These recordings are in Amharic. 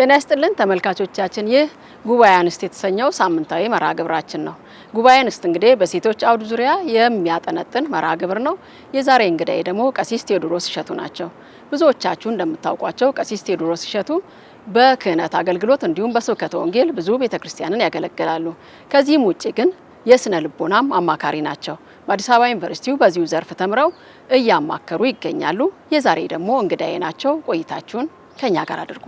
ጤና ይስጥልን ተመልካቾቻችን፣ ይህ ጉባኤ አንስት የተሰኘው ሳምንታዊ መርሃ ግብራችን ነው። ጉባኤ አንስት እንግዲህ በሴቶች አውድ ዙሪያ የሚያጠነጥን መርሃ ግብር ነው። የዛሬ እንግዳዬ ደግሞ ቀሲስ ቴዎድሮስ እሸቱ ናቸው። ብዙዎቻችሁ እንደምታውቋቸው ቀሲስ ቴዎድሮስ እሸቱ በክህነት አገልግሎት እንዲሁም በስብከተ ወንጌል ብዙ ቤተክርስቲያንን ያገለግላሉ። ከዚህም ውጭ ግን የስነ ልቦናም አማካሪ ናቸው። በአዲስ አበባ ዩኒቨርሲቲው በዚሁ ዘርፍ ተምረው እያማከሩ ይገኛሉ። የዛሬ ደግሞ እንግዳዬ ናቸው። ቆይታችሁን ከኛ ጋር አድርጉ።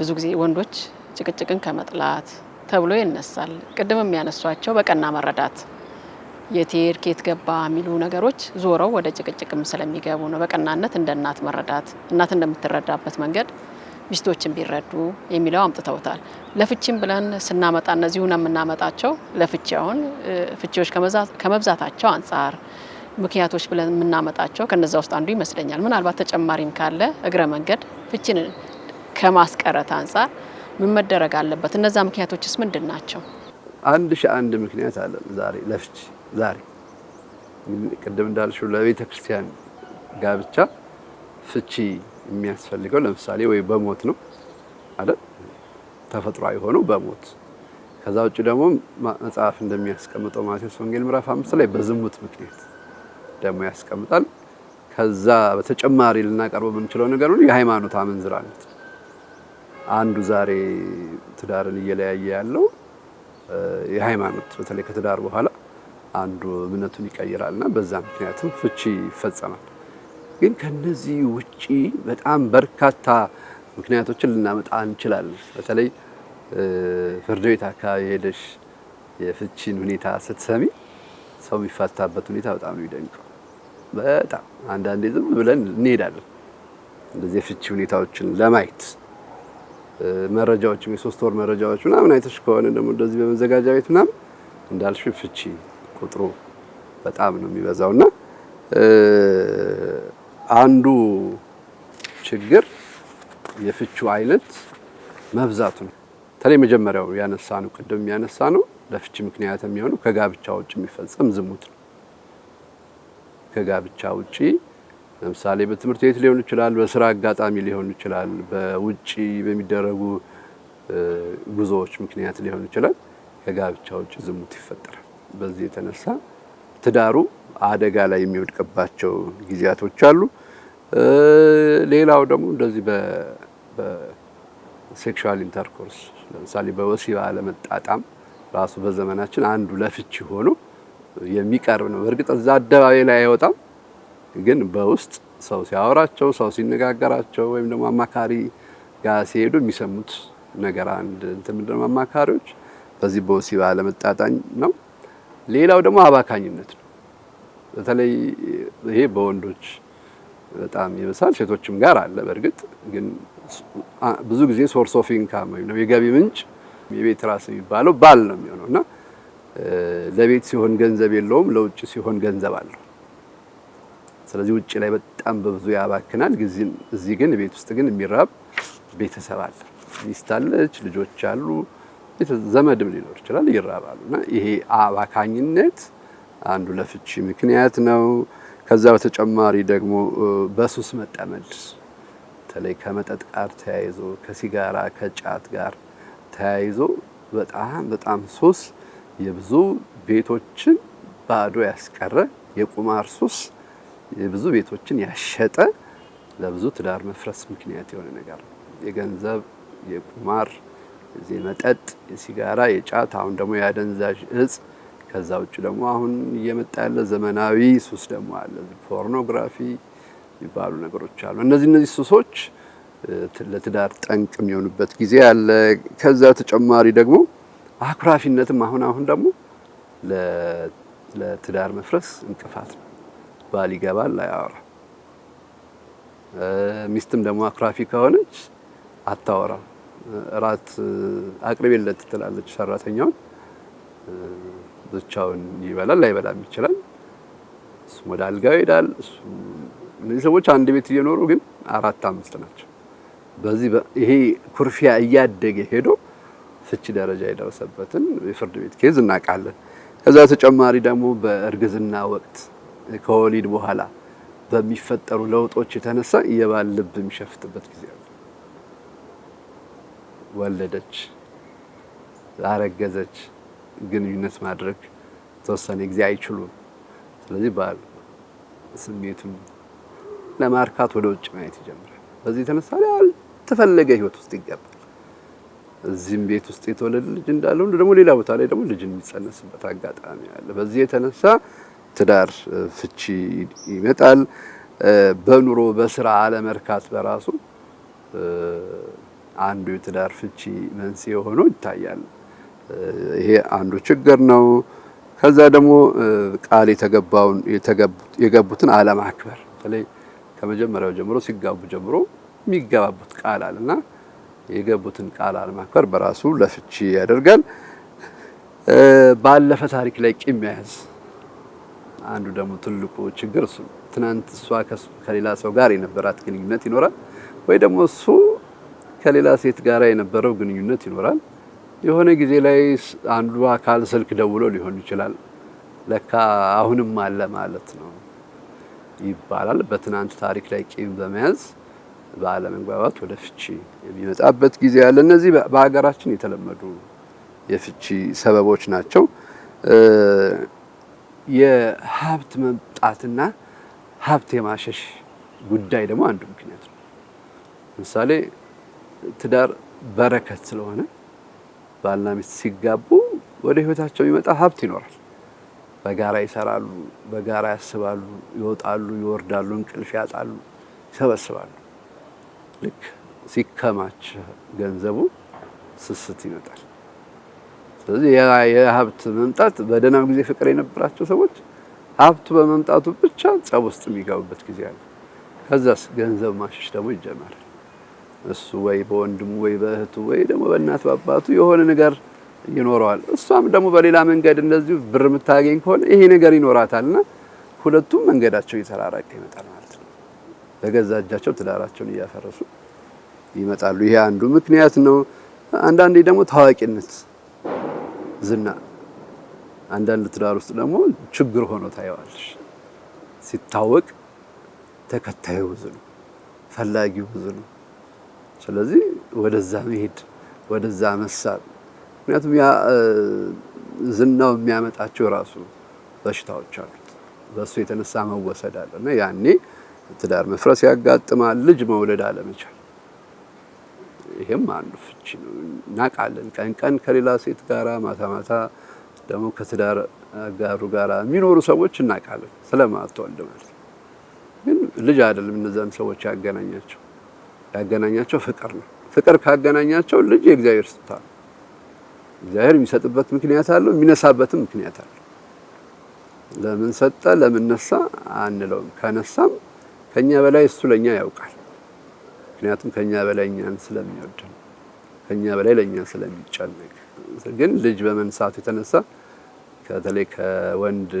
ብዙ ጊዜ ወንዶች ጭቅጭቅን ከመጥላት ተብሎ ይነሳል። ቅድም የሚያነሷቸው በቀና መረዳት የቴር ኬት ገባ የሚሉ ነገሮች ዞረው ወደ ጭቅጭቅም ስለሚገቡ ነው። በቀናነት እንደ እናት መረዳት እናት እንደምትረዳበት መንገድ ሚስቶችን ቢረዱ የሚለው አምጥተውታል። ለፍቺም ብለን ስናመጣ እነዚሁን የምናመጣቸው ለፍቺ አሁን ፍቺዎች ከመብዛታቸው አንጻር ምክንያቶች ብለን የምናመጣቸው ከነዛ ውስጥ አንዱ ይመስለኛል። ምናልባት ተጨማሪም ካለ እግረ መንገድ ፍችን ከማስቀረት አንጻር ምን መደረግ አለበት? እነዛ ምክንያቶችስ ምንድን ናቸው? አንድ ሺ አንድ ምክንያት አለ ዛሬ ለፍች። ዛሬ ቅድም እንዳልሽው ለቤተ ክርስቲያን ጋብቻ ፍቺ የሚያስፈልገው ለምሳሌ ወይ በሞት ነው አይደል? ተፈጥሮ የሆነው በሞት ከዛ ውጭ ደግሞ መጽሐፍ እንደሚያስቀምጠው ማቴዎስ ወንጌል ምዕራፍ አምስት ላይ በዝሙት ምክንያት ደግሞ ያስቀምጣል። ከዛ በተጨማሪ ልናቀርበው የምንችለው ነገር ሁሉ የሃይማኖት አመንዝራነት አንዱ ዛሬ ትዳርን እየለያየ ያለው የሃይማኖት በተለይ ከትዳር በኋላ አንዱ እምነቱን ይቀይራልና በዛ ምክንያትም ፍቺ ይፈጸማል። ግን ከነዚህ ውጪ በጣም በርካታ ምክንያቶችን ልናመጣ እንችላለን። በተለይ ፍርድ ቤት አካባቢ ሄደሽ የፍቺን ሁኔታ ስትሰሚ ሰው የሚፈታበት ሁኔታ በጣም ነው ይደንቀው። በጣም አንዳንዴ ዝም ብለን እንሄዳለን እንደዚህ የፍቺ ሁኔታዎችን ለማየት መረጃዎችም የሶስት ወር መረጃዎች ምናምን አይተሽ ከሆነ ደግሞ እንደዚህ በመዘጋጃ ቤት ምናምን እንዳልሽ ፍቺ ቁጥሩ በጣም ነው የሚበዛው እና አንዱ ችግር የፍቹ አይነት መብዛቱ ነው። በተለይ መጀመሪያው ያነሳ ነው ቅድም ያነሳ ነው ለፍቺ ምክንያት የሚሆኑ ከጋብቻ ውጭ የሚፈጸም ዝሙት ነው። ከጋብቻ ውጪ ለምሳሌ በትምህርት ቤት ሊሆን ይችላል፣ በስራ አጋጣሚ ሊሆን ይችላል፣ በውጪ በሚደረጉ ጉዞዎች ምክንያት ሊሆን ይችላል። ከጋብቻ ውጪ ዝሙት ይፈጠራል። በዚህ የተነሳ ትዳሩ አደጋ ላይ የሚወድቅባቸው ጊዜያቶች አሉ። ሌላው ደግሞ እንደዚህ በሴክሹዋል ኢንተርኮርስ ለምሳሌ በወሲብ አለመጣጣም ራሱ በዘመናችን አንዱ ለፍቺ ሆኖ የሚቀርብ ነው። እርግጥ እዛ አደባባይ ላይ አይወጣም፣ ግን በውስጥ ሰው ሲያወራቸው፣ ሰው ሲነጋገራቸው ወይም ደግሞ አማካሪ ጋር ሲሄዱ የሚሰሙት ነገር አንድ እንትን ምንድን ነው አማካሪዎች በዚህ በወሲብ አለመጣጣኝ ነው። ሌላው ደግሞ አባካኝነት ነው። በተለይ ይሄ በወንዶች በጣም ይብሳል፣ ሴቶችም ጋር አለ። በእርግጥ ግን ብዙ ጊዜ ሶርስ ኦፍ ኢንካም ወይም የገቢ ምንጭ የቤት ራስ የሚባለው ባል ነው የሚሆነው እና ለቤት ሲሆን ገንዘብ የለውም፣ ለውጭ ሲሆን ገንዘብ አለው። ስለዚህ ውጭ ላይ በጣም በብዙ ያባክናል። እዚህ ግን ቤት ውስጥ ግን የሚራብ ቤተሰብ አለ፣ ሚስት ልጆች አሉ፣ ዘመድም ሊኖር ይችላል፣ ይራባሉ። እና ይሄ አባካኝነት አንዱ ለፍቺ ምክንያት ነው። ከዛ በተጨማሪ ደግሞ በሱስ መጠመድ በተለይ ከመጠጥ ጋር ተያይዞ ከሲጋራ ከጫት ጋር ተያይዞ በጣም በጣም ሱስ የብዙ ቤቶችን ባዶ ያስቀረ የቁማር ሱስ የብዙ ቤቶችን ያሸጠ ለብዙ ትዳር መፍረስ ምክንያት የሆነ ነገር ነው። የገንዘብ የቁማር እዚህ መጠጥ፣ የሲጋራ፣ የጫት አሁን ደግሞ የአደንዛዥ እጽ ከዛ ውጭ ደግሞ አሁን እየመጣ ያለ ዘመናዊ ሱስ ደግሞ አለ፣ ፖርኖግራፊ የሚባሉ ነገሮች አሉ። እነዚህ እነዚህ ሱሶች ለትዳር ጠንቅ የሚሆኑበት ጊዜ አለ። ከዛ ተጨማሪ ደግሞ አኩራፊነትም አሁን አሁን ደግሞ ለትዳር መፍረስ እንቅፋት ነው። ባል ይገባል አያወራ። ሚስትም ደግሞ አኩራፊ ከሆነች አታወራ። እራት አቅርቤለት ትላለች ሰራተኛውን። ብቻውን ይበላል ላይበላም ይችላል። እሱም ወደ አልጋው ይሄዳል። እነዚህ ሰዎች አንድ ቤት እየኖሩ ግን አራት አምስት ናቸው። በዚህ ይሄ ኩርፊያ እያደገ ሄዶ ፍቺ ደረጃ የደረሰበትን የፍርድ ቤት ኬዝ እናውቃለን። ከዛ ተጨማሪ ደግሞ በእርግዝና ወቅት ከወሊድ በኋላ በሚፈጠሩ ለውጦች የተነሳ የባል ልብ የሚሸፍትበት ጊዜ አለ። ወለደች፣ አረገዘች፣ ግንኙነት ማድረግ ተወሰነ ጊዜ አይችሉም። ስለዚህ ባል ስሜቱን ለማርካት ወደ ውጭ ማየት ይጀምራል። በዚህ የተነሳ ያልተፈለገ ህይወት ውስጥ ይገባል። እዚህም ቤት ውስጥ የተወለደ ልጅ እንዳለ ሁሉ ደግሞ ሌላ ቦታ ላይ ደግሞ ልጅ የሚጸነስበት አጋጣሚ አለ። በዚህ የተነሳ ትዳር ፍቺ ይመጣል። በኑሮ በስራ አለመርካት በራሱ አንዱ የትዳር ፍቺ መንስኤ ሆኖ ይታያል። ይሄ አንዱ ችግር ነው። ከዛ ደግሞ ቃል የተገባውን የገቡትን አለማክበር በተለይ ከመጀመሪያው ጀምሮ ሲጋቡ ጀምሮ የሚገባቡት ቃል አለና የገቡትን ቃል አለማክበር በራሱ ለፍቺ ያደርጋል። ባለፈ ታሪክ ላይ ቂም መያዝ አንዱ ደግሞ ትልቁ ችግር እሱ። ትናንት እሷ ከሌላ ሰው ጋር የነበራት ግንኙነት ይኖራል፣ ወይ ደግሞ እሱ ከሌላ ሴት ጋር የነበረው ግንኙነት ይኖራል። የሆነ ጊዜ ላይ አንዱ አካል ስልክ ደውሎ ሊሆን ይችላል። ለካ አሁንም አለ ማለት ነው ይባላል። በትናንት ታሪክ ላይ ቂም በመያዝ በአለመግባባት ወደ ፍቺ የሚመጣበት ጊዜ አለ። እነዚህ በሀገራችን የተለመዱ የፍቺ ሰበቦች ናቸው። የሀብት መምጣትና ሀብት የማሸሽ ጉዳይ ደግሞ አንዱ ምክንያት ነው። ለምሳሌ ትዳር በረከት ስለሆነ ባልና ሚስት ሲጋቡ ወደ ህይወታቸው የሚመጣ ሀብት ይኖራል። በጋራ ይሰራሉ፣ በጋራ ያስባሉ፣ ይወጣሉ፣ ይወርዳሉ፣ እንቅልፍ ያጣሉ፣ ይሰበስባሉ። ልክ ሲከማች ገንዘቡ ስስት ይመጣል። ስለዚህ የሀብት መምጣት በደህናም ጊዜ ፍቅር የነበራቸው ሰዎች ሀብቱ በመምጣቱ ብቻ ጸብ ውስጥ የሚገቡበት ጊዜ አለ። ከዛስ ገንዘብ ማሸሽ ደግሞ ይጀመራል። እሱ ወይ በወንድሙ ወይ በእህቱ ወይ ደግሞ በእናት በአባቱ የሆነ ነገር ይኖረዋል። እሷም ደግሞ በሌላ መንገድ እንደዚሁ ብር የምታገኝ ከሆነ ይሄ ነገር ይኖራታል እና ሁለቱም መንገዳቸው የተራራቀ ይመጣል። በገዛ እጃቸው ትዳራቸውን እያፈረሱ ይመጣሉ። ይሄ አንዱ ምክንያት ነው። አንዳንዴ ደግሞ ታዋቂነት፣ ዝና አንዳንድ ትዳር ውስጥ ደግሞ ችግር ሆኖ ታየዋለሽ። ሲታወቅ ተከታዩ ብዙ ነው፣ ፈላጊው ብዙ ነው። ስለዚህ ወደዛ መሄድ ወደዛ መሳብ፣ ምክንያቱም ያ ዝናው የሚያመጣቸው ራሱ በሽታዎች አሉት። በእሱ የተነሳ መወሰድ አለ እና ያኔ ትዳር መፍረስ ያጋጥማል። ልጅ መውለድ አለመቻል ይሄም አንዱ ፍቺ ነው። እናውቃለን። ቀን ቀን ከሌላ ሴት ጋራ፣ ማታ ማታ ደግሞ ከትዳር አጋሩ ጋራ የሚኖሩ ሰዎች እናውቃለን። ስለማትወልድ ማለት ግን ልጅ አይደለም እነዚያን ሰዎች ያገናኛቸው ያገናኛቸው ፍቅር ነው። ፍቅር ካገናኛቸው ልጅ የእግዚአብሔር ስጦታ ነው። እግዚአብሔር የሚሰጥበት ምክንያት አለው፣ የሚነሳበትም ምክንያት አለው። ለምን ሰጠ ለምን ነሳ አንለውም። ከነሳም ከኛ በላይ እሱ ለኛ ያውቃል። ምክንያቱም ከኛ በላይ እኛን ስለሚወድን፣ ከኛ በላይ ለኛ ስለሚጨነቅ ግን ልጅ በመንሳቱ የተነሳ በተለይ ከወንድ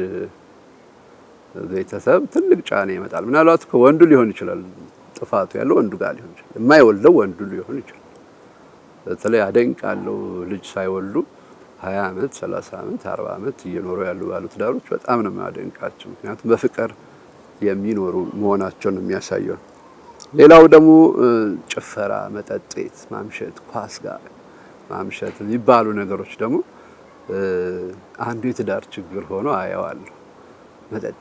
ቤተሰብ ትልቅ ጫና ይመጣል። ምናልባት ከወንዱ ሊሆን ይችላል ጥፋቱ ያለው ወንዱ ጋር ሊሆን ይችላል። የማይወልደው ወንዱ ሊሆን ይችላል። በተለይ አደንቃለሁ ልጅ ሳይወልዱ ሀያ አመት ሰላሳ አመት አርባ አመት እየኖሩ ያሉ ባለትዳሮች በጣም ነው የማደንቃቸው። ምክንያቱም በፍቅር የሚኖሩ መሆናቸውን የሚያሳየው። ሌላው ደግሞ ጭፈራ፣ መጠጥ ቤት ማምሸት፣ ኳስ ጋር ማምሸት የሚባሉ ነገሮች ደግሞ አንዱ የትዳር ችግር ሆኖ አየዋለሁ። መጠጥ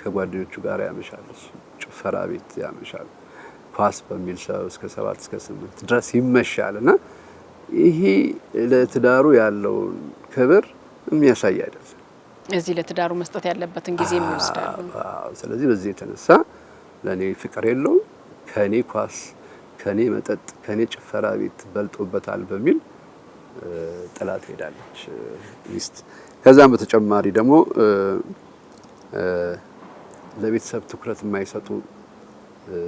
ከጓደኞቹ ጋር ያመሻል፣ ጭፈራ ቤት ያመሻል፣ ኳስ በሚል ሰው እስከ ሰባት እስከ ስምንት ድረስ ይመሻል እና ይሄ ለትዳሩ ያለውን ክብር የሚያሳይ አይደለም። እዚህ ለትዳሩ መስጠት ያለበትን ጊዜ የሚወስዳሉ። ስለዚህ በዚህ የተነሳ ለእኔ ፍቅር የለውም ከእኔ ኳስ፣ ከእኔ መጠጥ፣ ከእኔ ጭፈራ ቤት በልጦበታል በሚል ጥላት ሄዳለች ሚስት። ከዛም በተጨማሪ ደግሞ ለቤተሰብ ትኩረት የማይሰጡ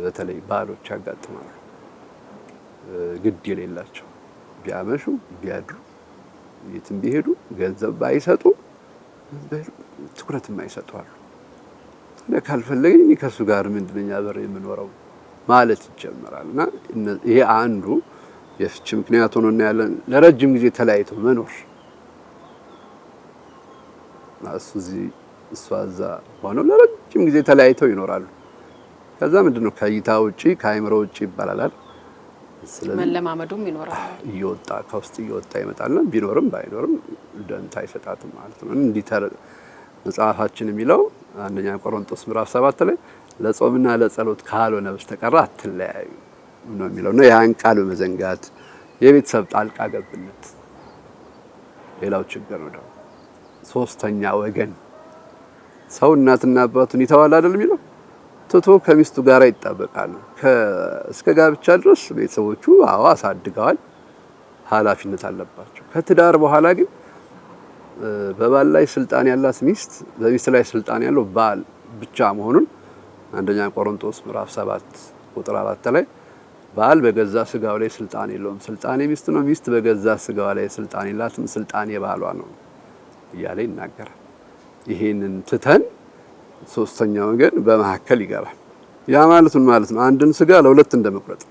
በተለይ ባሎች ያጋጥማሉ። ግድ የሌላቸው ቢያመሹ ቢያድሩ የትም ቢሄዱ ገንዘብ ባይሰጡ ትኩረት የማይሰጠዋሉ። ካልፈለገኝ እኔ ከእሱ ጋር ምንድነኛ በር የምኖረው ማለት ይጀምራል። እና ይሄ አንዱ የፍች ምክንያት ሆኖ እናያለን። ለረጅም ጊዜ ተለያይቶ መኖር እሱ እዚህ እሷ እዛ ሆነው ለረጅም ጊዜ ተለያይተው ይኖራሉ። ከዛ ምንድነው ከእይታ ውጪ ከአይምሮ ውጪ ይባላል። መለማመዱም ይኖራል። እየወጣ ከውስጥ እየወጣ ይመጣልና ቢኖርም ባይኖርም ደንታ አይሰጣትም ማለት ነው። እንዲተር መጽሐፋችን የሚለው አንደኛ ምዕራፍ ሰባት ላይ ለጾምና ለጸሎት ካልሆነ በስተቀር አትለያዩ ነው የሚለው ያን ቃል በመዘንጋት የቤተሰብ ጣልቃ ገብነት ሌላው ችግር ነው። ደግሞ ሶስተኛ ወገን ሰው እናትና አባቱን ይተዋል አይደል የሚለው ትቶ ከሚስቱ ጋር ይጣበቃሉ። እስከ ጋብቻ ድረስ ቤተሰቦቹ አዎ አሳድገዋል፣ ኃላፊነት አለባቸው። ከትዳር በኋላ ግን በባል ላይ ስልጣን ያላት ሚስት በሚስት ላይ ስልጣን ያለው ባል ብቻ መሆኑን አንደኛ ቆሮንቶስ ምዕራፍ 7 ቁጥር 4 ላይ ባል በገዛ ስጋው ላይ ስልጣን የለውም፣ ስልጣን የሚስት ነው፣ ሚስት በገዛ ስጋው ላይ ስልጣን የላትም፣ ስልጣን የባሏ ነው እያለ ይናገራል። ይሄንን ትተን ሶስተኛ ወገን በመካከል ይገባል። ያ ማለት ምን ማለት ነው? አንድን ስጋ ለሁለት እንደመቁረጥ።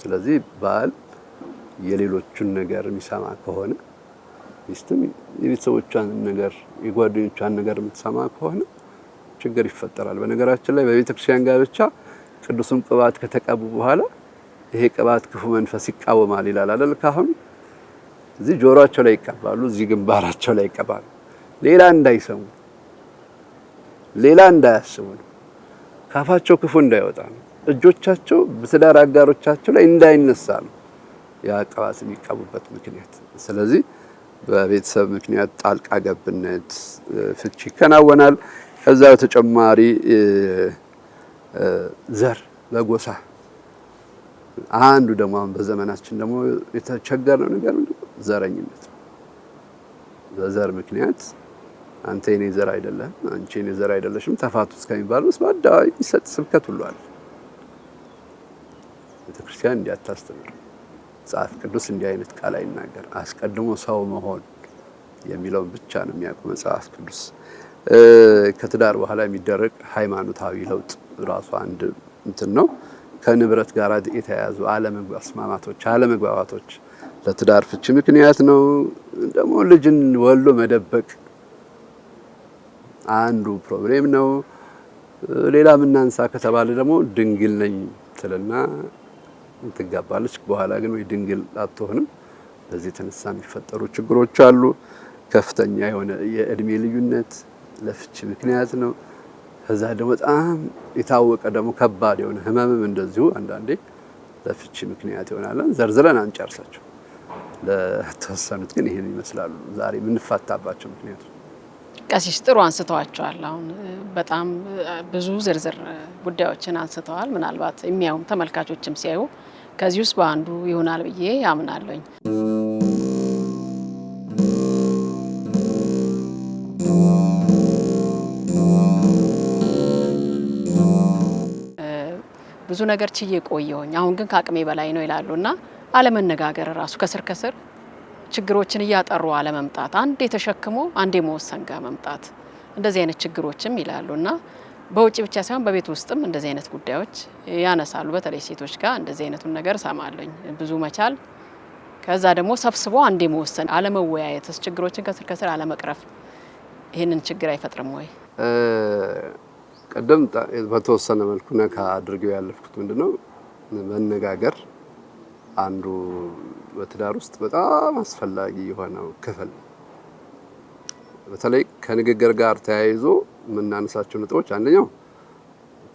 ስለዚህ ባል የሌሎቹን ነገር የሚሰማ ከሆነ ሚስትም የቤተሰቦቿን ነገር የጓደኞቿን ነገር የምትሰማ ከሆነ ችግር ይፈጠራል። በነገራችን ላይ በቤተ ክርስቲያን ጋብቻ ቅዱስም ቅባት ከተቀቡ በኋላ ይሄ ቅባት ክፉ መንፈስ ይቃወማል ይላል አይደል? ካሁን እዚህ ጆሮአቸው ላይ ይቀባሉ፣ እዚህ ግንባራቸው ላይ ይቀባሉ፣ ሌላ እንዳይሰሙ ሌላ እንዳያስቡ ነው። ካፋቸው ክፉ እንዳይወጣ ነው። እጆቻቸው በትዳር አጋሮቻቸው ላይ እንዳይነሳ ነው ያ ቅባት የሚቀቡበት ምክንያት። ስለዚህ በቤተሰብ ምክንያት ጣልቃ ገብነት ፍቺ ይከናወናል። ከዛ በተጨማሪ ዘር በጎሳ አንዱ ደግሞ አሁን በዘመናችን ደግሞ የተቸገረው ነገር ዘረኝነት ነው። በዘር ምክንያት አንተ የኔ ዘር አይደለም፣ አንቺ የኔ ዘር አይደለሽም ተፋቱ እስከሚባል ድረስ በአደባባይ የሚሰጥ ስብከት ሁሉ አለ። ቤተክርስቲያን እንዲያታስተምር መጽሐፍ ቅዱስ እንዲህ አይነት ቃል አይናገር፣ አስቀድሞ ሰው መሆን የሚለውን ብቻ ነው የሚያውቁ መጽሐፍ ቅዱስ። ከትዳር በኋላ የሚደረግ ሃይማኖታዊ ለውጥ ራሱ አንድ እንትን ነው። ከንብረት ጋር የተያያዙ አለመስማማቶች፣ አለመግባባቶች ለትዳር ፍቺ ምክንያት ነው። ደግሞ ልጅን ወሎ መደበቅ አንዱ ፕሮብሌም ነው። ሌላ ምናንሳ ከተባለ ደግሞ ድንግል ነኝ ትልና ትጋባለች። በኋላ ግን ወይ ድንግል አትሆንም። በዚህ የተነሳ የሚፈጠሩ ችግሮች አሉ። ከፍተኛ የሆነ የእድሜ ልዩነት ለፍች ምክንያት ነው። ከዛ ደግሞ በጣም የታወቀ ደግሞ ከባድ የሆነ ህመምም እንደዚሁ አንዳንዴ ለፍቺ ምክንያት ይሆናለን። ዘርዝረን አንጨርሳቸው። ለተወሰኑት ግን ይህን ይመስላሉ ዛሬ የምንፋታባቸው ምክንያቶች። ቀሲስ ጥሩ አንስተዋቸዋል። አሁን በጣም ብዙ ዝርዝር ጉዳዮችን አንስተዋል። ምናልባት የሚያዩም ተመልካቾችም ሲያዩ ከዚህ ውስጥ በአንዱ ይሆናል ብዬ አምናለኝ። ብዙ ነገር ችዬ ቆየሁኝ፣ አሁን ግን ከአቅሜ በላይ ነው ይላሉ እና አለመነጋገር ራሱ ከስር ከስር ችግሮችን እያጠሩ አለመምጣት፣ አንዴ ተሸክሞ አንዴ መወሰን ጋር መምጣት እንደዚህ አይነት ችግሮችም ይላሉ እና በውጭ ብቻ ሳይሆን በቤት ውስጥም እንደዚህ አይነት ጉዳዮች ያነሳሉ። በተለይ ሴቶች ጋር እንደዚህ አይነቱን ነገር ሰማለኝ ብዙ መቻል ከዛ ደግሞ ሰብስቦ አንዴ መወሰን አለመወያየትስ ችግሮችን ከስር ከስር አለመቅረፍ ይህንን ችግር አይፈጥርም ወይ? ቅድም በተወሰነ መልኩ ነካ አድርገው ያለፍኩት ምንድነው መነጋገር አንዱ በትዳር ውስጥ በጣም አስፈላጊ የሆነው ክፍል በተለይ ከንግግር ጋር ተያይዞ የምናነሳቸው ነጥቦች አንደኛው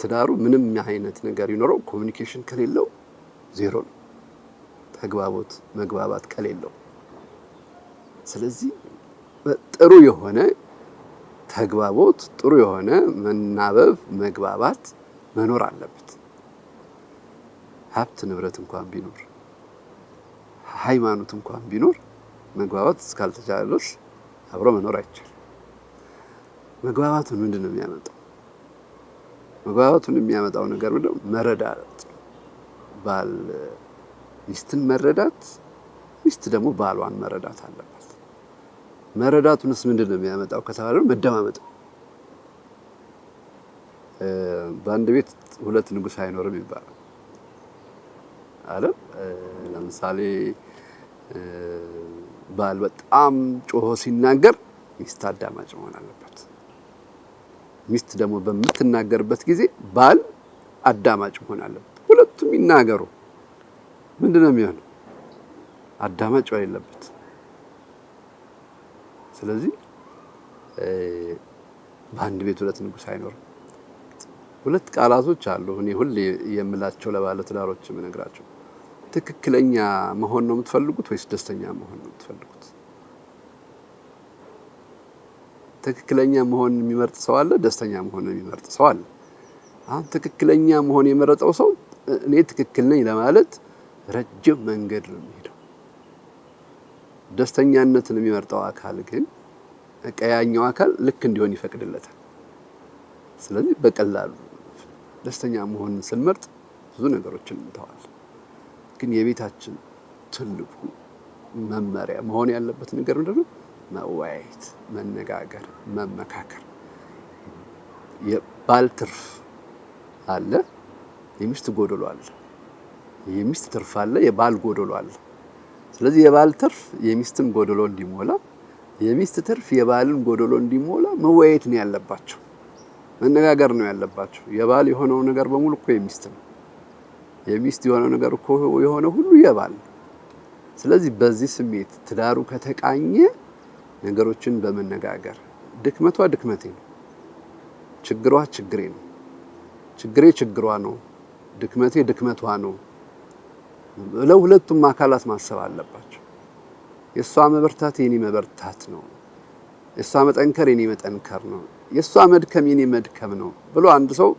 ትዳሩ ምንም አይነት ነገር ይኖረው ኮሚኒኬሽን ከሌለው ዜሮ ነው። ተግባቦት መግባባት ከሌለው ስለዚህ ጥሩ የሆነ ተግባቦት ጥሩ የሆነ መናበብ መግባባት መኖር አለበት። ሀብት ንብረት እንኳን ቢኖር ሃይማኖት እንኳን ቢኖር መግባባት እስካልተቻለ ድረስ አብሮ መኖር አይቻልም። መግባባቱ ምንድን ነው የሚያመጣው? መግባባቱን የሚያመጣው ነገር ምንድን መረዳት። ባል ሚስትን መረዳት፣ ሚስት ደግሞ ባሏን መረዳት አለባት። መረዳቱንስ ምንድን ነው የሚያመጣው ከተባለ መደማመጥ። በአንድ ቤት ሁለት ንጉሥ አይኖርም ይባላል አለም ለምሳሌ ባል በጣም ጮሆ ሲናገር ሚስት አዳማጭ መሆን አለበት። ሚስት ደግሞ በምትናገርበት ጊዜ ባል አዳማጭ መሆን አለበት። ሁለቱም ይናገሩ፣ ምንድን ነው የሚሆነው? አዳማጭ የለበት። ስለዚህ በአንድ ቤት ሁለት ንጉስ አይኖርም። ሁለት ቃላቶች አሉ እኔ ሁሌ የምላቸው ለባለ ትዳሮች የምነግራቸው ትክክለኛ መሆን ነው የምትፈልጉት ወይስ ደስተኛ መሆን ነው የምትፈልጉት? ትክክለኛ መሆን የሚመርጥ ሰው አለ፣ ደስተኛ መሆን የሚመርጥ ሰው አለ። አሁን ትክክለኛ መሆን የመረጠው ሰው እኔ ትክክል ነኝ ለማለት ረጅም መንገድ ነው የሚሄደው። ደስተኛነትን የሚመርጠው አካል ግን ቀያኛው አካል ልክ እንዲሆን ይፈቅድለታል። ስለዚህ በቀላሉ ደስተኛ መሆን ስንመርጥ ብዙ ነገሮችን እንተዋለን። ግን የቤታችን ትልቁ መመሪያ መሆን ያለበት ነገር ምንድን ነው? መወያየት፣ መነጋገር፣ መመካከር። የባል ትርፍ አለ፣ የሚስት ጎደሎ አለ። የሚስት ትርፍ አለ፣ የባል ጎደሎ አለ። ስለዚህ የባል ትርፍ የሚስትን ጎደሎ እንዲሞላ፣ የሚስት ትርፍ የባልን ጎደሎ እንዲሞላ መወያየት ነው ያለባቸው። መነጋገር ነው ያለባቸው። የባል የሆነው ነገር በሙሉ እኮ የሚስት ነው። የሚስት የሆነው ነገር እኮ የሆነ ሁሉ የባል። ስለዚህ በዚህ ስሜት ትዳሩ ከተቃኘ ነገሮችን በመነጋገር ድክመቷ ድክመቴ ነው፣ ችግሯ ችግሬ ነው፣ ችግሬ ችግሯ ነው፣ ድክመቴ ድክመቷ ነው ብለው ሁለቱም አካላት ማሰብ አለባቸው። የእሷ መበርታት የኔ መበርታት ነው፣ የእሷ መጠንከር የኔ መጠንከር ነው፣ የእሷ መድከም የኔ መድከም ነው ብሎ አንድ ሰው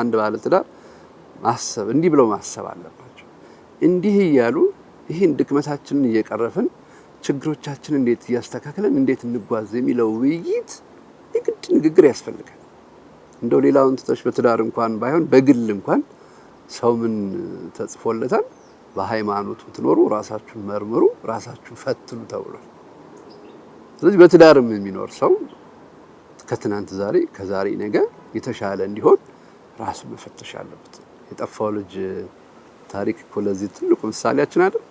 አንድ ባለትዳር ማሰብ እንዲህ ብለው ማሰብ አለባቸው። እንዲህ እያሉ ይህን ድክመታችንን እየቀረፍን ችግሮቻችንን እንዴት እያስተካከለን እንዴት እንጓዝ የሚለው ውይይት የግድ ንግግር ያስፈልጋል። እንደው ሌላውን ትተሽ በትዳር እንኳን ባይሆን በግል እንኳን ሰው ምን ተጽፎለታል? በሃይማኖቱ ትኖሩ ራሳችሁን መርምሩ፣ ራሳችሁን ፈትኑ ተብሏል። ስለዚህ በትዳርም የሚኖር ሰው ከትናንት ዛሬ ከዛሬ ነገ የተሻለ እንዲሆን ራሱን መፈተሽ አለበት። የጠፋው ልጅ ታሪክ እኮ ለዚህ ትልቁ ምሳሌያችን አይደል?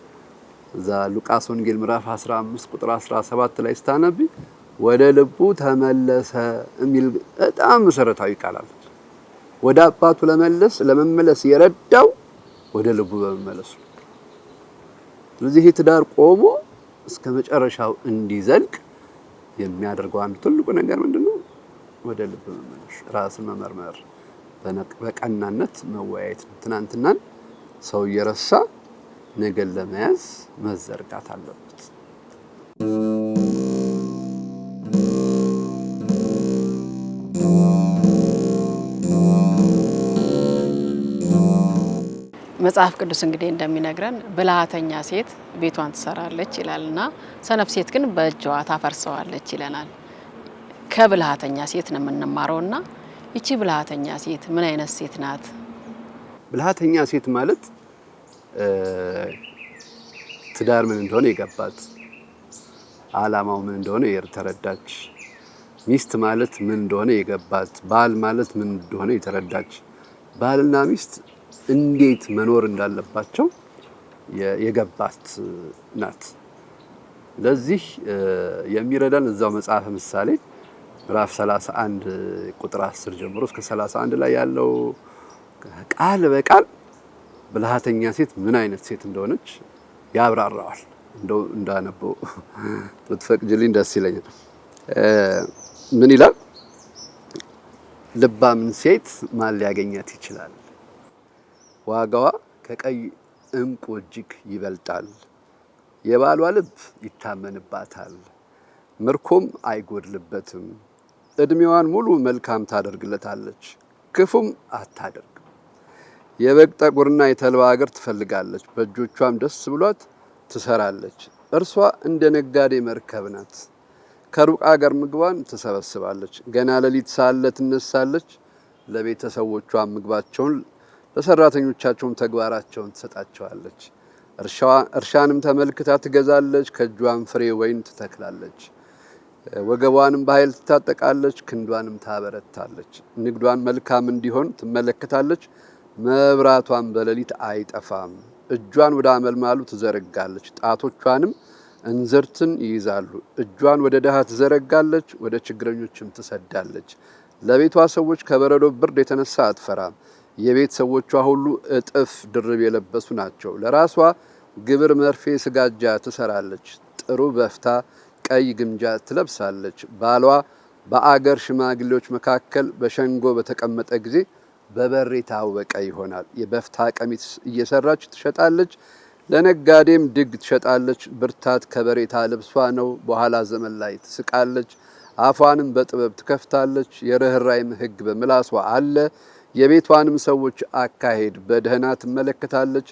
እዛ ሉቃስ ወንጌል ምዕራፍ 15 ቁጥር 17 ላይ ስታነብ ወደ ልቡ ተመለሰ የሚል በጣም መሰረታዊ ቃል አለ። ወደ አባቱ ለመለስ ለመመለስ የረዳው ወደ ልቡ በመመለሱ ስለዚህ ትዳር ቆሞ እስከ መጨረሻው እንዲዘልቅ የሚያደርገው አንዱ ትልቁ ነገር ምንድነው? ወደ ልብ መመለስ፣ ራስን መመርመር በቀናነት መወያየት ነው። ትናንትናን ሰው እየረሳ ነገን ለመያዝ መዘርጋት አለበት። መጽሐፍ ቅዱስ እንግዲህ እንደሚነግረን ብልሃተኛ ሴት ቤቷን ትሰራለች ይላልና ሰነፍ ሴት ግን በእጅዋ ታፈርሰዋለች ይለናል። ከብልሃተኛ ሴት ነው የምንማረውና ይቺ ብልሃተኛ ሴት ምን አይነት ሴት ናት? ብልሃተኛ ሴት ማለት ትዳር ምን እንደሆነ የገባት አላማው ምን እንደሆነ የተረዳች ሚስት ማለት ምን እንደሆነ የገባት ባል ማለት ምን እንደሆነ የተረዳች ባልና ሚስት እንዴት መኖር እንዳለባቸው የገባት ናት። ለዚህ የሚረዳን እዛው መጽሐፈ ምሳሌ ምዕራፍ 31 ቁጥር 10 ጀምሮ እስከ 31 ላይ ያለው ቃል በቃል ብልሃተኛ ሴት ምን አይነት ሴት እንደሆነች ያብራራዋል። እንደው እንዳነበው ብትፈቅጂልኝ ደስ ይለኛል። ምን ይላል? ልባምን ሴት ማን ሊያገኛት ይችላል? ዋጋዋ ከቀይ እንቁ እጅግ ይበልጣል። የባሏ ልብ ይታመንባታል፣ ምርኮም አይጎድልበትም። ዕድሜዋን ሙሉ መልካም ታደርግለታለች፣ ክፉም አታደርግም። የበግ ጠጉርና የተልባ እግር ትፈልጋለች፣ በእጆቿም ደስ ብሏት ትሰራለች። እርሷ እንደ ነጋዴ መርከብ ናት፣ ከሩቅ አገር ምግቧን ትሰበስባለች። ገና ሌሊት ሳለ ትነሳለች፣ ለቤተሰቦቿ ምግባቸውን ለሰራተኞቻቸውም ተግባራቸውን ትሰጣቸዋለች። እርሻንም ተመልክታ ትገዛለች፣ ከእጇም ፍሬ ወይን ትተክላለች። ወገቧንም በኃይል ትታጠቃለች፣ ክንዷንም ታበረታለች። ንግዷን መልካም እንዲሆን ትመለከታለች፣ መብራቷን በሌሊት አይጠፋም። እጇን ወደ አመልማሉ ትዘረጋለች፣ ጣቶቿንም እንዝርትን ይይዛሉ። እጇን ወደ ድሃ ትዘረጋለች፣ ወደ ችግረኞችም ትሰዳለች። ለቤቷ ሰዎች ከበረዶ ብርድ የተነሳ አትፈራም። የቤት ሰዎቿ ሁሉ እጥፍ ድርብ የለበሱ ናቸው። ለራሷ ግብር መርፌ ስጋጃ ትሰራለች፣ ጥሩ በፍታ ቀይ ግምጃ ትለብሳለች። ባሏ በአገር ሽማግሌዎች መካከል በሸንጎ በተቀመጠ ጊዜ በበሬ ታወቀ ይሆናል። የበፍታ ቀሚስ እየሰራች ትሸጣለች። ለነጋዴም ድግ ትሸጣለች። ብርታት ከበሬታ ልብሷ ነው። በኋላ ዘመን ላይ ትስቃለች። አፏንም በጥበብ ትከፍታለች። የርኅራይም ሕግ በምላሷ አለ። የቤቷንም ሰዎች አካሄድ በደህና ትመለከታለች።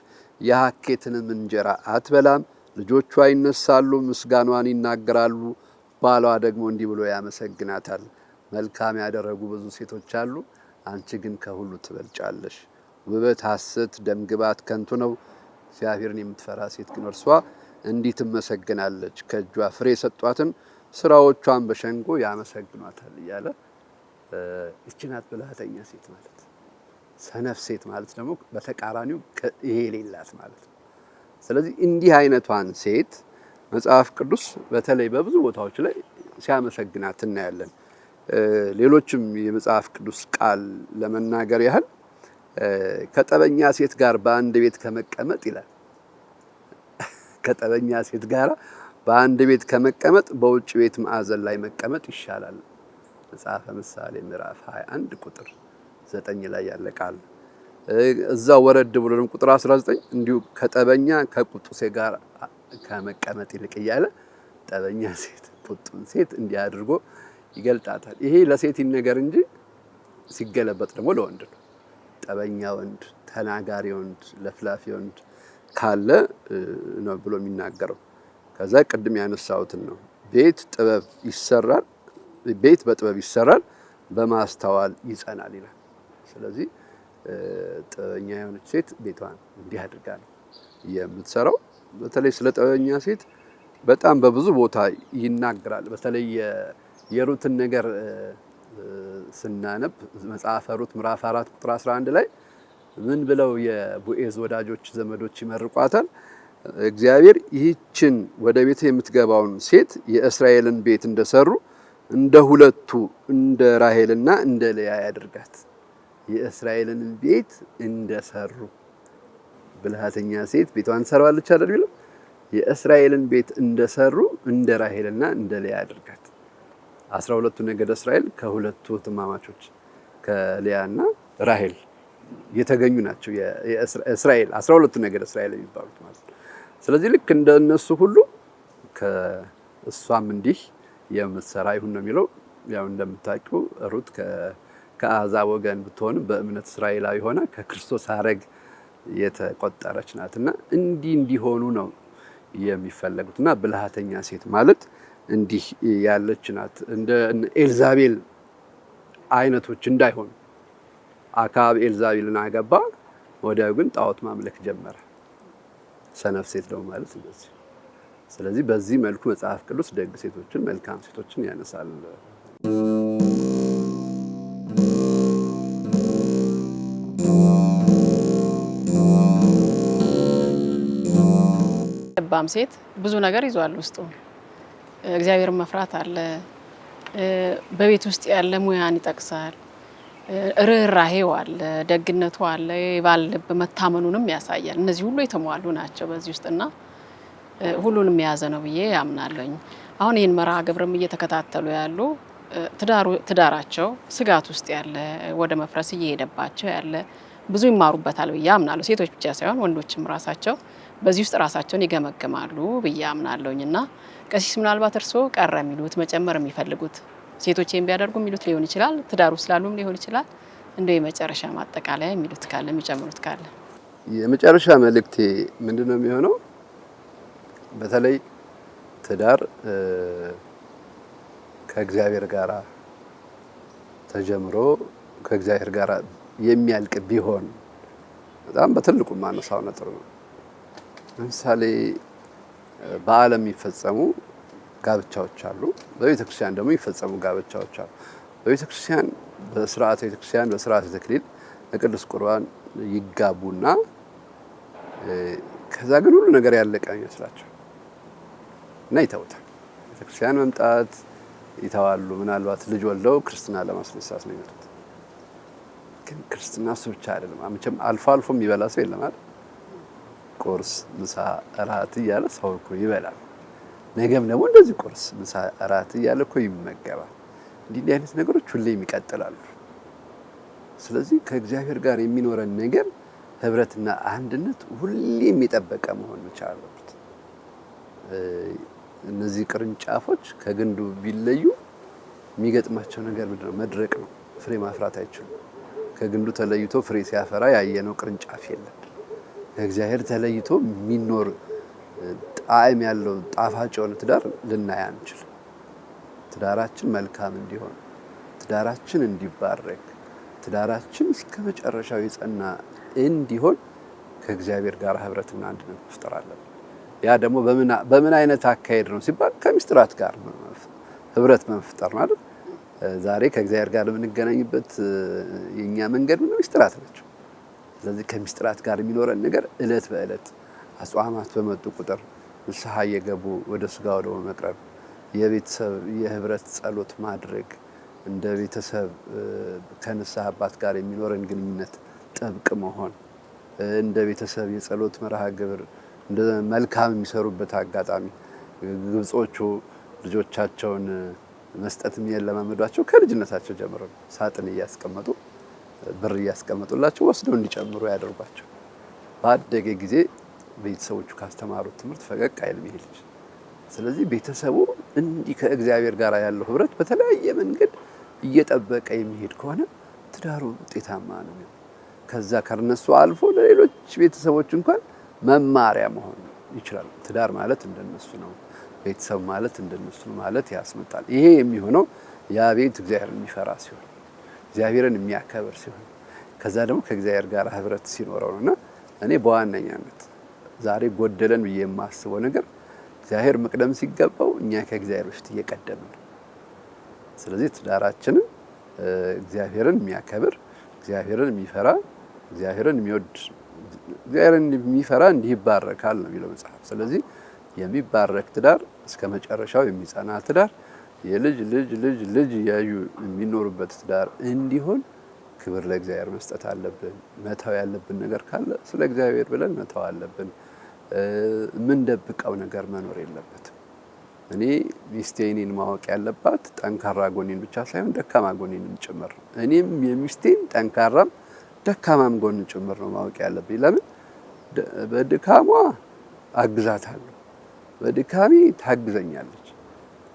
የሀኬትንም እንጀራ አትበላም። ልጆቿ ይነሳሉ፣ ምስጋኗን ይናገራሉ። ባሏ ደግሞ እንዲህ ብሎ ያመሰግናታል። መልካም ያደረጉ ብዙ ሴቶች አሉ፣ አንቺ ግን ከሁሉ ትበልጫለሽ። ውበት ሐሰት፣ ደምግባት ከንቱ ነው። እግዚአብሔርን የምትፈራ ሴት ግን እርሷ እንዲህ ትመሰግናለች። ከእጇ ፍሬ የሰጧትን ስራዎቿን በሸንጎ ያመሰግኗታል እያለ ይቺ ናት ብልሃተኛ ሴት ማለት። ሰነፍ ሴት ማለት ደግሞ በተቃራኒው ይሄ የሌላት ማለት ነው። ስለዚህ እንዲህ አይነቷን ሴት መጽሐፍ ቅዱስ በተለይ በብዙ ቦታዎች ላይ ሲያመሰግናት እናያለን። ሌሎችም የመጽሐፍ ቅዱስ ቃል ለመናገር ያህል ከጠበኛ ሴት ጋር በአንድ ቤት ከመቀመጥ ይላል ከጠበኛ ሴት ጋር በአንድ ቤት ከመቀመጥ በውጭ ቤት ማዕዘን ላይ መቀመጥ ይሻላል። መጽሐፈ ምሳሌ ምዕራፍ 21 ቁጥር 9 ላይ ያለ ቃል እዛ ወረድ ብሎ ደግሞ ቁጥር 19 እንዲሁ ከጠበኛ ከቁጡሴ ጋር ከመቀመጥ ይልቅ እያለ ጠበኛ ሴት ቁጡን ሴት እንዲህ አድርጎ ይገልጣታል። ይሄ ለሴት ነገር እንጂ ሲገለበጥ ደግሞ ለወንድ ነው። ጠበኛ ወንድ፣ ተናጋሪ ወንድ፣ ለፍላፊ ወንድ ካለ ነው ብሎ የሚናገረው። ከዛ ቅድም ያነሳሁትን ነው። ቤት ጥበብ ይሰራል፣ ቤት በጥበብ ይሰራል፣ በማስተዋል ይጸናል ይላል። ስለዚህ ጥበበኛ የሆነች ሴት ቤቷን እንዲህ አድርጋ ነው የምትሰራው። በተለይ ስለ ጥበበኛ ሴት በጣም በብዙ ቦታ ይናገራል። በተለይ የሩትን ነገር ስናነብ መጽሐፈ ሩት ምዕራፍ አራት ቁጥር 11 ላይ ምን ብለው የቡኤዝ ወዳጆች ዘመዶች ይመርቋታል? እግዚአብሔር ይህችን ወደ ቤት የምትገባውን ሴት የእስራኤልን ቤት እንደሰሩ እንደ ሁለቱ እንደ ራሄልና እንደ ልያ ያድርጋት። የእስራኤልን ቤት እንደሰሩ ብልሃተኛ ሴት ቤቷን ሰራዋለች አይደል ቢሉ የእስራኤልን ቤት እንደሰሩ እንደ ራሄልና እንደ ሊያ ያደርጋት። አስራ ሁለቱ ነገድ እስራኤል ከሁለቱ ትማማቾች ከሊያና ራሄል የተገኙ ናቸው። የእስራኤል አስራ ሁለቱ ነገድ እስራኤል የሚባሉት ማለት ነው። ስለዚህ ልክ እንደ እነሱ ሁሉ ከእሷም እንዲህ የምትሰራ ይሁን ነው የሚለው ያው እንደምታውቁ ሩት ከአዛ ወገን ብትሆንም በእምነት እስራኤላዊ ሆና ከክርስቶስ አረግ የተቆጠረች ናት እና እንዲህ እንዲሆኑ ነው የሚፈለጉት እና ብልሃተኛ ሴት ማለት እንዲህ ያለች ናት። እንደ ኤልዛቤል አይነቶች እንዳይሆኑ አካብ ኤልዛቤልን አገባ፣ ወዲያው ግን ጣዖት ማምለክ ጀመረ። ሰነፍ ሴት ነው ማለት እንደዚህ። ስለዚህ በዚህ መልኩ መጽሐፍ ቅዱስ ደግ ሴቶችን፣ መልካም ሴቶችን ያነሳል። ያላገባም ሴት ብዙ ነገር ይዟል ውስጡ። እግዚአብሔር መፍራት አለ። በቤት ውስጥ ያለ ሙያን ይጠቅሳል። ርኅራሄው አለ፣ ደግነቱ አለ፣ የባል ልብ መታመኑንም ያሳያል። እነዚህ ሁሉ የተሟሉ ናቸው በዚህ ውስጥና ሁሉንም የያዘ ነው ብዬ ያምናለኝ። አሁን ይህን መርሃ ግብርም እየተከታተሉ ያሉ ትዳራቸው ስጋት ውስጥ ያለ ወደ መፍረስ እየሄደባቸው ያለ ብዙ ይማሩበታል ብዬ አምናለሁ። ሴቶች ብቻ ሳይሆን ወንዶችም ራሳቸው በዚህ ውስጥ ራሳቸውን ይገመግማሉ ብዬ አምናለሁኝ። እና ቀሲስ ምናልባት እርስዎ ቀረ የሚሉት መጨመር የሚፈልጉት ሴቶች ቢያደርጉ የሚሉት ሊሆን ይችላል፣ ትዳሩ ስላሉም ሊሆን ይችላል። እንደው የመጨረሻ ማጠቃለያ የሚሉት ካለ የሚጨምሩት ካለ። የመጨረሻ መልእክቴ ምንድን ነው የሚሆነው? በተለይ ትዳር ከእግዚአብሔር ጋር ተጀምሮ ከእግዚአብሔር ጋር የሚያልቅ ቢሆን በጣም በትልቁ ማነሳው ነጥብ ነው። ለምሳሌ በአለም የሚፈጸሙ ጋብቻዎች አሉ። በቤተ ክርስቲያን ደግሞ የሚፈጸሙ ጋብቻዎች አሉ። በቤተ ክርስቲያን በስርዓተ ቤተ ክርስቲያን በስርዓተ ተክሊል ለቅዱስ ቁርባን ይጋቡና ከዛ ግን ሁሉ ነገር ያለቀ ይመስላቸው እና ይተውታል። ቤተ ክርስቲያን መምጣት ይተዋሉ። ምናልባት ልጅ ወልደው ክርስትና ለማስነሳት ነው ይመጡት። ግን ክርስትና እሱ ብቻ አይደለም። መቼም አልፎ አልፎ የሚበላ ሰው የለም አይደል? ቁርስ፣ ምሳ፣ እራት እያለ ሰው እኮ ይበላል። ነገም ደግሞ እንደዚህ ቁርስ፣ ምሳ፣ እራት እያለ እኮ ይመገባል። እንዲህ አይነት ነገሮች ሁሌም ይቀጥላሉ። ስለዚህ ከእግዚአብሔር ጋር የሚኖረን ነገር ህብረትና አንድነት ሁሌም የጠበቀ መሆን መቻል አለበት። እነዚህ ቅርንጫፎች ከግንዱ ቢለዩ የሚገጥማቸው ነገር ምንድን ነው? መድረቅ ነው። ፍሬ ማፍራት አይችሉም። ከግንዱ ተለይቶ ፍሬ ሲያፈራ ያየነው ቅርንጫፍ የለም። ለእግዚአብሔር ተለይቶ የሚኖር ጣዕም ያለው ጣፋጭ የሆነ ትዳር ልናይ አንችል። ትዳራችን መልካም እንዲሆን፣ ትዳራችን እንዲባረክ፣ ትዳራችን እስከ መጨረሻው የጸና እንዲሆን ከእግዚአብሔር ጋር ህብረትና አንድነት መፍጠር አለብን። ያ ደግሞ በምን አይነት አካሄድ ነው ሲባል ከሚስጥራት ጋር ህብረት መፍጠር ነው አይደል? ዛሬ ከእግዚአብሔር ጋር የምንገናኝበት የእኛ መንገድ ምን ሚስጥራት ናቸው። ስለዚህ ከሚስጥራት ጋር የሚኖረን ነገር እለት በእለት አጽዋማት በመጡ ቁጥር ንስሐ እየገቡ ወደ ስጋ ወደሙ መቅረብ፣ የቤተሰብ የህብረት ጸሎት ማድረግ፣ እንደ ቤተሰብ ከንስሐ አባት ጋር የሚኖረን ግንኙነት ጥብቅ መሆን፣ እንደ ቤተሰብ የጸሎት መርሃ ግብር እንደ መልካም የሚሰሩበት አጋጣሚ ግብጾቹ ልጆቻቸውን መስጠት የሚለማመዷቸው ከልጅነታቸው ጀምሮ ሳጥን እያስቀመጡ ብር እያስቀመጡላቸው ወስደው እንዲጨምሩ ያደርጓቸው። ባደገ ጊዜ ቤተሰቦቹ ካስተማሩት ትምህርት ፈቀቅ አይልም ይሄ ልጅ። ስለዚህ ቤተሰቡ እንዲህ ከእግዚአብሔር ጋር ያለው ህብረት በተለያየ መንገድ እየጠበቀ የሚሄድ ከሆነ ትዳሩ ውጤታማ ነው። ከዛ ከነሱ አልፎ ለሌሎች ቤተሰቦች እንኳን መማሪያ መሆን ይችላል። ትዳር ማለት እንደነሱ ነው፣ ቤተሰብ ማለት እንደነሱ ማለት ያስመጣል። ይሄ የሚሆነው ያ ቤት እግዚአብሔር የሚፈራ ሲሆን እግዚአብሔርን የሚያከብር ሲሆን ከዛ ደግሞ ከእግዚአብሔር ጋር ህብረት ሲኖረው ነው እና እኔ በዋነኛነት ዛሬ ጎደለን ብዬ የማስበው ነገር እግዚአብሔር መቅደም ሲገባው እኛ ከእግዚአብሔር በፊት እየቀደም ነው። ስለዚህ ትዳራችንን እግዚአብሔርን የሚያከብር እግዚአብሔርን የሚፈራ እግዚአብሔርን የሚወድ እግዚአብሔርን የሚፈራ እንዲህ ይባረካል ነው የሚለው መጽሐፍ። ስለዚህ የሚባረክ ትዳር እስከ መጨረሻው የሚጸና ትዳር የልጅ ልጅ ልጅ ልጅ እያዩ የሚኖሩበት ትዳር እንዲሆን ክብር ለእግዚአብሔር መስጠት አለብን። መተው ያለብን ነገር ካለ ስለ እግዚአብሔር ብለን መተው አለብን። የምንደብቀው ነገር መኖር የለበትም። እኔ ሚስቴ እኔን ማወቅ ያለባት ጠንካራ ጎኔን ብቻ ሳይሆን ደካማ ጎኔንም ጭምር ነው። እኔም የሚስቴን ጠንካራም ደካማም ጎን ጭምር ነው ማወቅ ያለብኝ። ለምን በድካሟ አግዛታለሁ፣ በድካሜ ታግዘኛለች።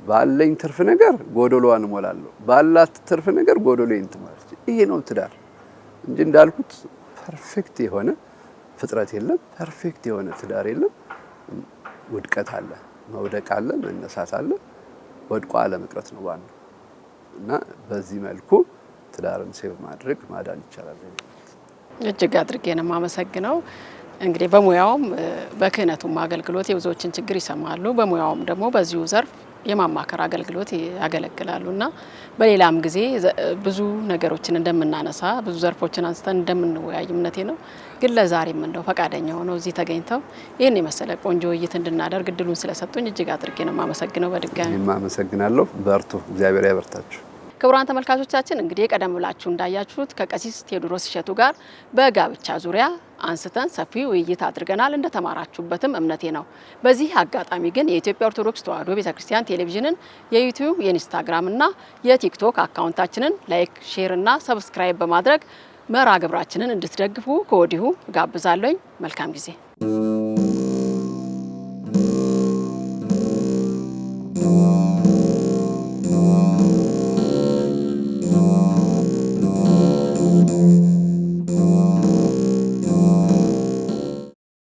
ባለኝ ትርፍ ነገር ጎደሎዋን እሞላለሁ፣ ባላት ትርፍ ነገር ጎደሎዬን ትሞላለች። ይሄ ነው ትዳር እንጂ እንዳልኩት ፐርፌክት የሆነ ፍጥረት የለም፣ ፐርፌክት የሆነ ትዳር የለም። ውድቀት አለ፣ መውደቅ አለ፣ መነሳት አለ። ወድቆ አለመቅረት ነው ዋናው እና በዚህ መልኩ ትዳርን ሴቭ ማድረግ ማዳን ይቻላል። እጅግ አድርጌ ነው የማመሰግነው። እንግዲህ በሙያውም በክህነቱም አገልግሎት የብዙዎችን ችግር ይሰማሉ። በሙያውም ደግሞ በዚሁ ዘርፍ የማማከር አገልግሎት ያገለግላሉ እና በሌላም ጊዜ ብዙ ነገሮችን እንደምናነሳ ብዙ ዘርፎችን አንስተን እንደምንወያይ እምነቴ ነው። ግን ለዛሬ የምንለው ፈቃደኛ ሆነው እዚህ ተገኝተው ይህን የመሰለ ቆንጆ ውይይት እንድናደርግ እድሉን ስለሰጡኝ እጅግ አድርጌ ነው የማመሰግነው። በድጋሚ አመሰግናለሁ። በርቱ። እግዚአብሔር ያበርታችሁ። ክቡራን ተመልካቾቻችን እንግዲህ ቀደም ብላችሁ እንዳያችሁት ከቀሲስ ቴዎድሮስ እሸቱ ጋር በጋብቻ ዙሪያ አንስተን ሰፊ ውይይት አድርገናል። እንደተማራችሁበትም እምነቴ ነው። በዚህ አጋጣሚ ግን የኢትዮጵያ ኦርቶዶክስ ተዋሕዶ ቤተክርስቲያን ቴሌቪዥንን የዩቲዩብ የኢንስታግራምና የቲክቶክ አካውንታችንን ላይክ፣ ሼር እና ሰብስክራይብ በማድረግ መርሃ ግብራችንን እንድትደግፉ ከወዲሁ ጋብዛለኝ መልካም ጊዜ